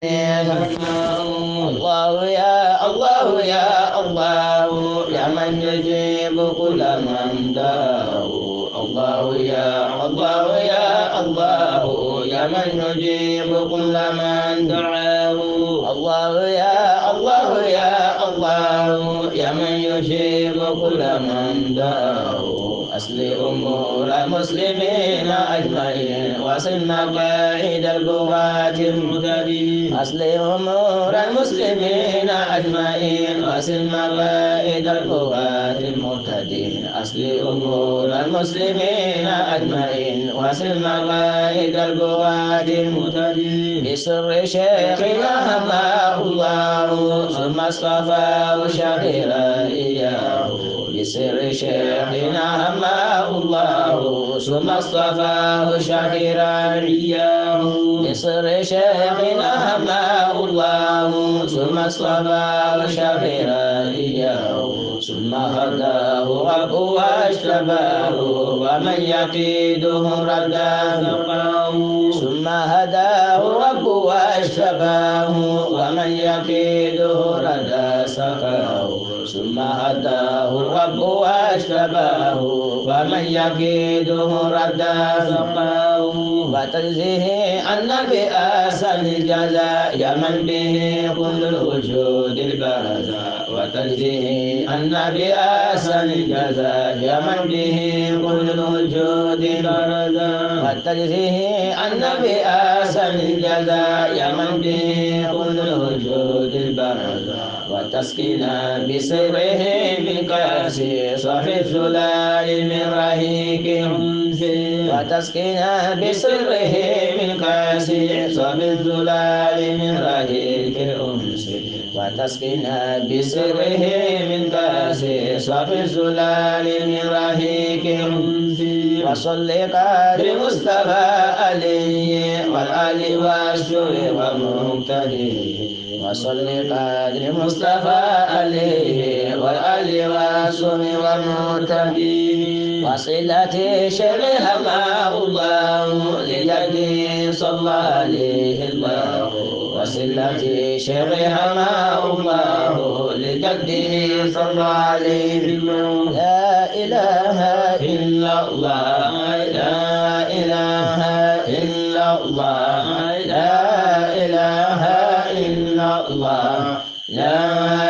الله يا الله يا الله يا من يجيب كل من دعاه الله يا الله يا الله يا من يجيب كل من دعاه الله يا الله يا الله يا من يجيب كل من دعاه أصل أمور المسلمين أجمعين وصلنا قائد القوات المدبين أصل أمور المسلمين أجمعين وصلنا قائد القوات المرتدين أصل أمور المسلمين أجمعين وصلنا قائد القوات المرتدين بسر شيخ الله الله ثم اصطفى شاكرا إياه بسر شيخنا الله الله ثم اصطفاه شاكرا إياه بسر شيخنا الله الله ثم اصطفاه شاكرا إياه ثم خداه ربه واشتباه ومن يقيده ردا ثم هداه ربه واشتباه من يكيده ردا سقاه ثم أتاه ربه اشتباه ومن يكيده ردا سقاه وتجزيه أن بأسن الجزاء يمن به كل الوجود البرزا وتجزيه أن بأسن الجزاء يمن به كل الوجود البرزا وتجزيه أن بأسن الجزاء يمن به كل الوجود البرزا وتسكن بسره بقياس صحيح بسلال من رهيك همزي وتسقينا بسره من كاسي وبالذلال من رهيك أمسي وتسقينا بسره من كاسي الزلال من رهيك أمسي وصل بمصطفى علي والآل والشر ومقتدي وصل قدر مصطفى عليه والعلي الرسول والمتقين وصلتي ما الله لجدي صلى عليه الله وصلتي ما الله لجدي صلى عليه الله لا إله إلا الله لا إله إلا الله لا إله إلا الله لا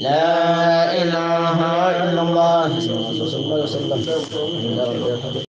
لا إله إلا الله صلى الله عليه وسلم